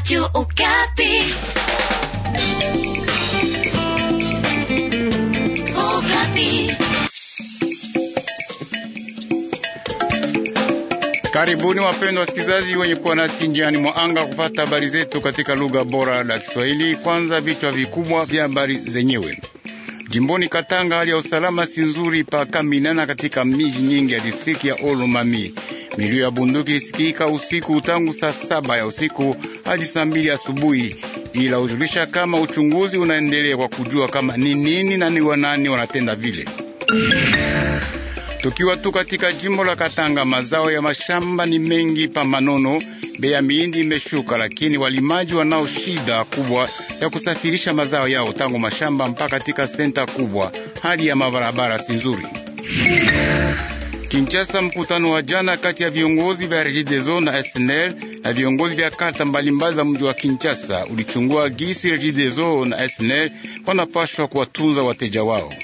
Radio Okapi. Okapi. Karibuni wapendwa wasikilizaji wenye kuwa nasi njiani mwa anga kupata habari zetu katika lugha bora la Kiswahili. Kwanza vichwa vikubwa vya habari zenyewe. Jimboni Katanga hali ya usalama si nzuri pa Kaminana katika miji nyingi ya distriki ya Olomami. Milio ya bunduki ilisikika usiku tangu saa saba ya usiku hadi saa mbili asubuhi, ila ujulisha kama uchunguzi unaendelea kwa kujua kama ni nini na ni wanani wanatenda vile. Tukiwa tu katika jimbo la Katanga, mazao ya mashamba ni mengi pa Manono. Bei ya miindi imeshuka, lakini walimaji wanao shida kubwa ya kusafirisha mazao yao tangu mashamba mpaka katika senta kubwa. Hali ya mabarabara si nzuri. Kinshasa, mkutano wa jana kati ya viongozi vya Regideso na SNL na viongozi vya kata mbalimbali za mji wa Kinshasa ulichungua gisi Regideso na SNL wanapashwa kuwatunza wateja wao.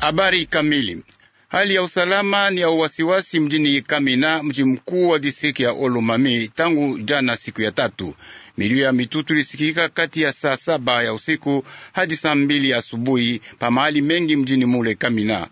Habari kamili. Hali ya usalama ni ya uwasiwasi mjini Kamina, mji mkuu wa distriki ya Olomami tangu jana siku ya tatu. Milio ya mitutu ilisikika kati ya saa saba ya usiku hadi saa mbili ya asubuhi pa mahali mengi mjini mule Kamina.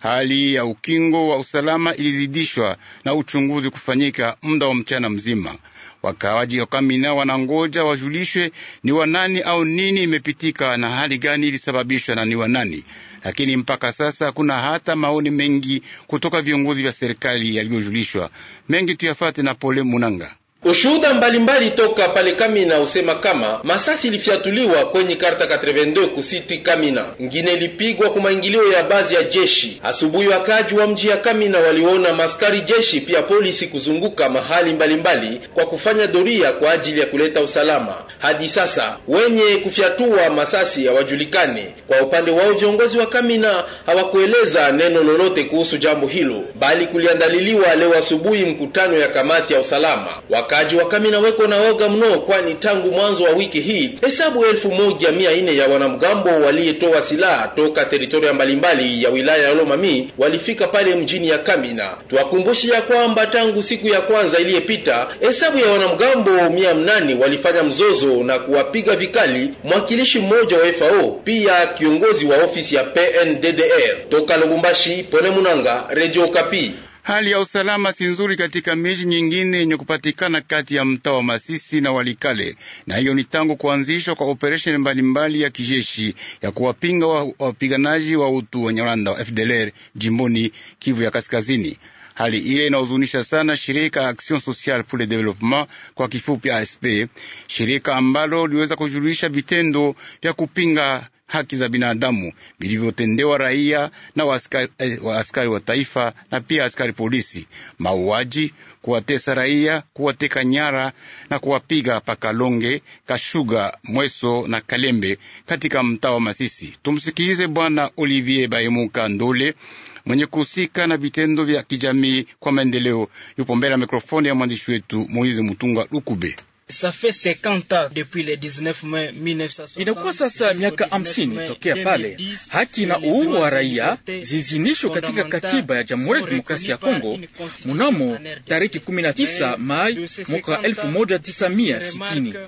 Hali ya ukingo wa usalama ilizidishwa na uchunguzi kufanyika muda wa mchana mzima. Wakawaji wa Kamina wanangoja wajulishwe ni wanani au nini imepitika na hali gani ilisababishwa na ni wanani, lakini mpaka sasa kuna hata maoni mengi kutoka viongozi vya serikali yaliyojulishwa. Mengi tuyafate na Pole Munanga. Ushuhuda mbalimbali toka pale Kamina usema kama masasi ilifyatuliwa kwenye karta 82 kusiti Kamina, ngine ilipigwa kwa maingilio ya bazi ya jeshi. Asubuhi wakaji wa mji ya Kamina waliona maskari jeshi pia polisi kuzunguka mahali mbalimbali mbali kwa kufanya doria kwa ajili ya kuleta usalama. Hadi sasa wenye kufyatua masasi hawajulikani. Kwa upande wao viongozi wa Kamina hawakueleza neno lolote kuhusu jambo hilo, bali kuliandaliliwa leo asubuhi mkutano ya kamati ya usalama Wak wakaji wa Kamina weko na woga mno, kwani tangu mwanzo wa wiki hii hesabu elfu moja mia nne ya wanamgambo waliyetoa silaha toka teritoria mbalimbali ya wilaya ya Lomami walifika pale mjini ya Kamina. Tuwakumbushe ya kwamba tangu siku ya kwanza iliyopita hesabu ya wanamgambo mia mnane walifanya mzozo na kuwapiga vikali mwakilishi mmoja wa FAO pia kiongozi wa ofisi ya PNDDR toka Lubumbashi. Pole Munanga, Radio Kapi. Hali ya usalama si nzuri katika miji nyingine yenye kupatikana kati ya mtaa wa Masisi na Walikale, na hiyo ni tangu kuanzishwa kwa operesheni mbalimbali ya kijeshi ya kuwapinga wapiganaji wa utu wa Nyaranda wa FDLR jimboni Kivu ya Kaskazini. Hali ile inahuzunisha sana shirika Action Sociale pour le Developpement, kwa kifupi ASP, shirika ambalo liweza kujulisha vitendo vya kupinga haki za binadamu vilivyotendewa raia na waaskari eh, wa, wa taifa na pia askari polisi: mauaji, kuwatesa raia, kuwateka nyara na kuwapiga Pakalonge, Kashuga, Mweso na Kalembe katika mtaa wa Masisi. Tumsikilize Bwana Olivier Bayemuka Ndole mwenye kuhusika na vitendo vya kijamii kwa maendeleo, yupo mbele ya mikrofoni ya mwandishi wetu Moise Mutunga Lukube. Inakuwa sasa miaka hamsini tokea pale haki na uhuru wa raia zizinishwe katika katiba ya Jamhuri ya Demokrasia ya Kongo munamo tariki 19 Mai mwaka 1960.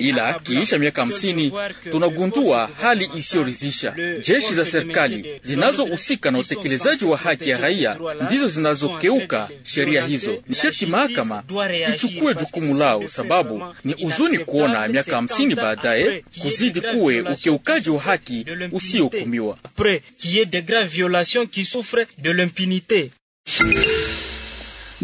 Ila kiisha miaka hamsini tunagundua hali isiyoridhisha. Jeshi za serikali zinazohusika na utekelezaji wa haki ya raia ndizo zinazokeuka sheria hizo. Ni sharti mahakama ichukue jukumu lao sababu sababu ni huzuni kuona miaka hamsini baadaye kuzidi kuwe ukiukaji wa haki usiohukumiwa.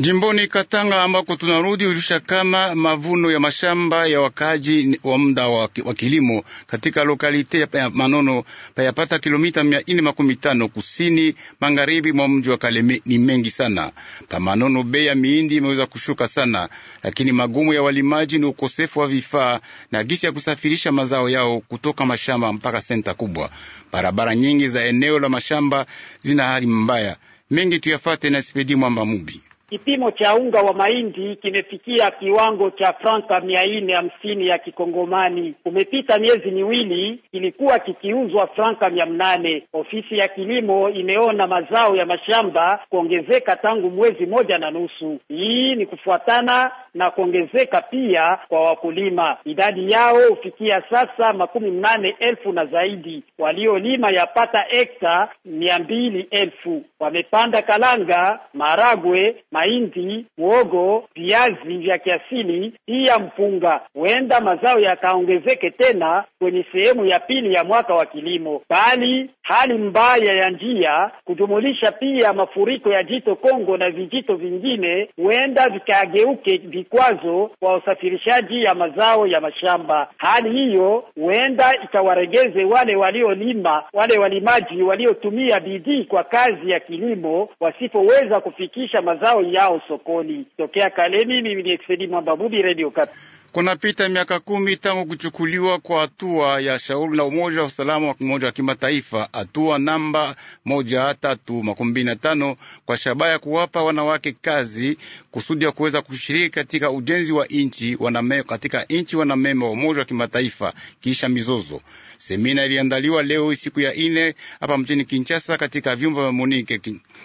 Jimboni Katanga ambako tunarudi ulisha kama mavuno ya mashamba ya wakaji wa muda wa kilimo katika lokalite ya Manono payapata kilomita mia ine makumi tano kusini magharibi mwa mji wa Kaleme ni mengi sana. Pa Manono bei ya miindi imeweza kushuka sana, lakini magumu ya walimaji ni ukosefu wa vifaa na gisi ya kusafirisha mazao yao kutoka mashamba mpaka senta kubwa. Barabara nyingi za eneo la mashamba zina hali mbaya. Mengi tuyafate na Sipedi Mwamba Mubi. Kipimo cha unga wa mahindi kimefikia kiwango cha franka mia nne hamsini ya kikongomani. Kumepita miezi miwili, kilikuwa kikiuzwa franka mia mnane. Ofisi ya kilimo imeona mazao ya mashamba kuongezeka tangu mwezi moja na nusu. Hii ni kufuatana na kuongezeka pia kwa wakulima, idadi yao hufikia sasa makumi mnane elfu na zaidi. Waliolima yapata hekta mia mbili elfu wamepanda kalanga, maragwe ma mahindi, mwogo, viazi vya kiasili, pia mpunga. Huenda mazao yakaongezeke tena kwenye sehemu ya pili ya mwaka wa kilimo, bali hali mbaya ya njia kujumulisha pia mafuriko ya jito Kongo na vijito vingine huenda vikageuke vikwazo kwa usafirishaji ya mazao ya mashamba. Hali hiyo huenda ikawaregeze wale waliolima, wale walimaji waliotumia bidii kwa kazi ya kilimo wasipoweza kufikisha mazao yao sokoni. Tokea Kalemi, mimi ni Expedi Mwamba Bubi, Radio Kapi. Kunapita miaka kumi tangu kuchukuliwa kwa hatua ya shauri la Umoja wa Usalama wa Umoja wa Kimataifa, hatua namba moja tatu makumi mbili na tano kwa shabaha ya kuwapa wanawake kazi kusudi ya kuweza kushiriki katika ujenzi wa nchi waname, katika nchi wanamemba wa Umoja wa Kimataifa kisha mizozo. Semina iliandaliwa leo siku ya ine hapa mjini Kinshasa katika vyumba vya Monike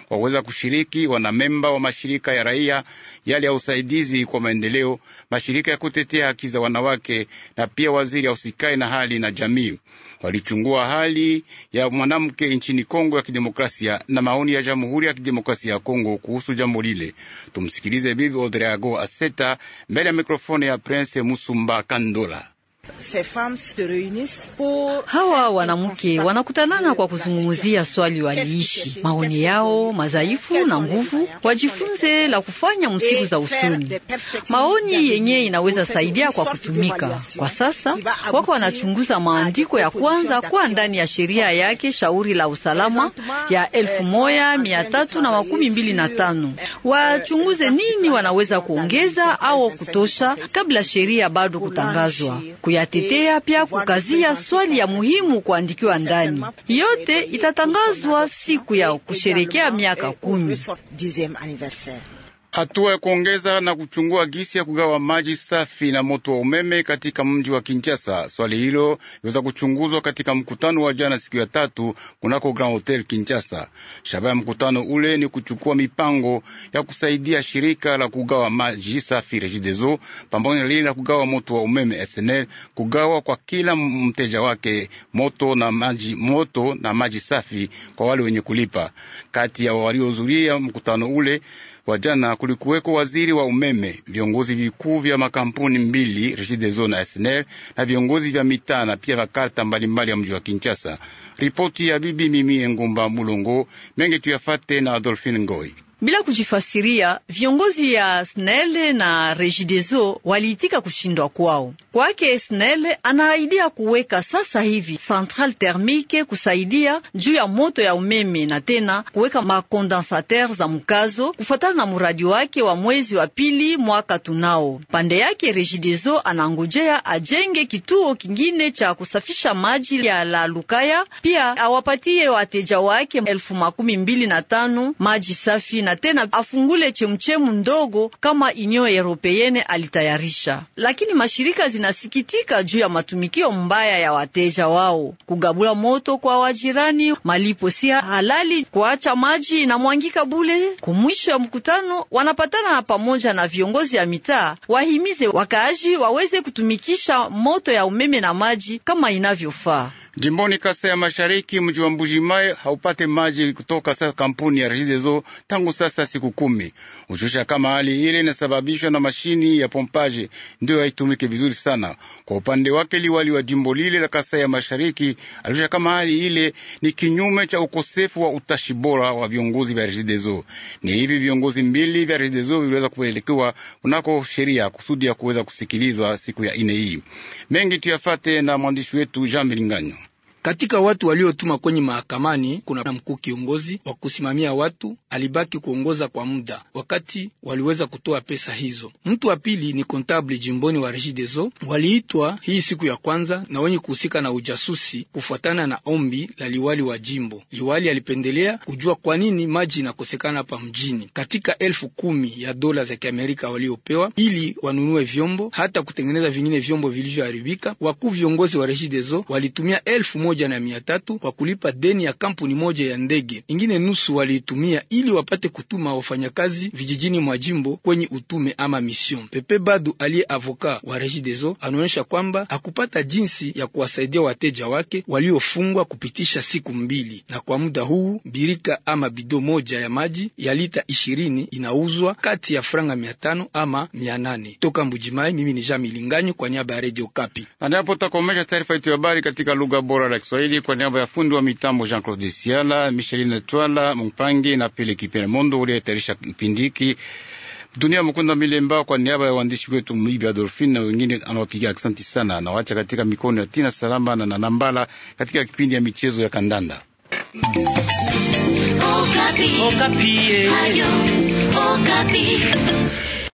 kwa kuweza kushiriki wanamemba wa mashirika ya raia yale ya usaidizi kwa maendeleo, mashirika ya kutetea kutetea haki za wanawake na pia waziri ausikae na hali na jamii walichungua hali ya mwanamke nchini Kongo ya Kidemokrasia na maoni ya Jamhuri ya Kidemokrasia ya Kongo kuhusu jambo lile. Tumsikilize Bibi Odreago Aseta mbele ya mikrofoni ya Prince Musumba Kandola. Hawa wanamke wanakutanana kwa kuzungumzia swali waliishi, maoni yao, madhaifu na nguvu, wajifunze la kufanya msiku za usoni. Maoni yenye inaweza saidia kwa kutumika kwa sasa. Wako wanachunguza maandiko ya kwanza kwa ndani ya sheria yake shauri la usalama ya euh, elfu moja mia tatu na makumi mbili na tano. Euh, Wachunguze nini wanaweza kuongeza au kutosha kabla sheria bado kutangazwa Kuya kuyatetea, pia kukazia swali ya muhimu kuandikiwa ndani. Yote itatangazwa siku ya kusherekea miaka kumi hatua ya kuongeza na kuchungua gisi ya kugawa maji safi na moto wa umeme katika mji wa Kinshasa. Swali hilo liweza kuchunguzwa katika mkutano wa jana siku ya tatu kunako Grand Hotel Kinshasa. Shabaha ya mkutano ule ni kuchukua mipango ya kusaidia shirika la kugawa maji safi Regideso pamoja na lile la kugawa moto wa umeme SNL kugawa kwa kila mteja wake moto na maji, moto na maji safi kwa wale wenye kulipa. Kati ya waliohudhuria mkutano ule Wajana kulikuweko waziri wa umeme, viongozi vikuu vya makampuni mbili Regideso na SNEL na viongozi vya mitaa na pia vakarta mbalimbali ya mji wa Kinshasa. Ripoti ya bibi Mimie Ngumba Mulongo mengi tuyafate na Adolphine Ngoi bila kujifasiria. Viongozi ya SNEL na Regideso waliitika kushindwa kwao. Kwake SNEL anaaidia kuweka sasa hivi central thermique kusaidia juu ya moto ya umeme na tena kuweka makondensateur za mkazo kufuatana na muradi wake wa mwezi wa pili mwaka tunao. Pande yake Regideso anangojea ajenge kituo kingine cha kusafisha maji ya la Lukaya, pia awapatie wateja wake elfu makumi mbili na tano maji safi na tena afungule chemchemu ndogo kama inyo europeenne alitayarisha. Lakini mashirika zinasikitika juu ya matumikio mbaya ya wateja wao, kugabula moto kwa wajirani, malipo si halali, kuacha maji na bule. Kumwisho ya mkutano wanapatana pamoja na viongozi ya mitaa wahimize wakaaji waweze kutumikisha moto ya umeme na maji kama inavyofaa. Jimboni kasa ya Mashariki, mji wa Mbujimayi haupate maji kutoka sasa kampuni ya Regideso tangu sasa siku kumi. Ushusha kama hali ile inasababishwa na mashini ya pompaje ndiyo haitumiki vizuri sana. Kwa upande wake, liwali wa jimbo lile la kasa ya Mashariki alisha kama hali ile ni kinyume cha ukosefu wa utashi bora wa viongozi vya Regideso. Ni hivi viongozi mbili vya Regideso viliweza kupelekewa kunako sheria kusudi ya kuweza kusikilizwa siku ya ine hii. Mengi tuyafate na mwandishi wetu Jean Milinganyo. Katika watu waliotuma kwenye mahakamani kuna mkuu kiongozi wa kusimamia watu alibaki kuongoza kwa muda wakati waliweza kutoa pesa hizo. Mtu wa pili ni kontable jimboni wa Regideso, waliitwa hii siku ya kwanza na wenye kuhusika na ujasusi kufuatana na ombi la liwali wa jimbo. Liwali alipendelea kujua kwa nini maji inakosekana hapa mjini, katika elfu kumi ya dola za Kiamerika waliopewa ili wanunue vyombo hata kutengeneza vingine vyombo vilivyoharibika. Wakuu viongozi wa Regideso walitumia elfu moja moja na mia tatu kwa kulipa deni ya kampuni moja ya ndege. Ingine nusu waliitumia ili wapate kutuma wafanyakazi vijijini mwa jimbo kwenye utume ama mision. Pepe Badu aliye avoka wa Regideso anaonyesha kwamba hakupata jinsi ya kuwasaidia wateja wake waliofungwa kupitisha siku mbili, na kwa muda huu birika ama bido moja ya maji ya lita ishirini inauzwa kati ya franga mia tano ama mia nane. Toka Mbujimai, mimi ni Jamilinganyo kwa niaba ya Radio Kapi. Ndipo takomesha taarifa yetu ya habari katika lugha bora la Kiswahili kwa niaba ya fundi wa mitambo Jean Claude Siala, Micheline Twala Mpangi na Pili Kipele Mondo uliyetayarisha kipindi hiki. Dunia Mukunda Milemba kwa niaba ya waandishi wetu Mwibi Adolfine na wengine anawapigia asanti sana. Nawacha katika mikono ya Tina Salama na Nanambala katika kipindi ya michezo ya kandanda Okapi. Okapi.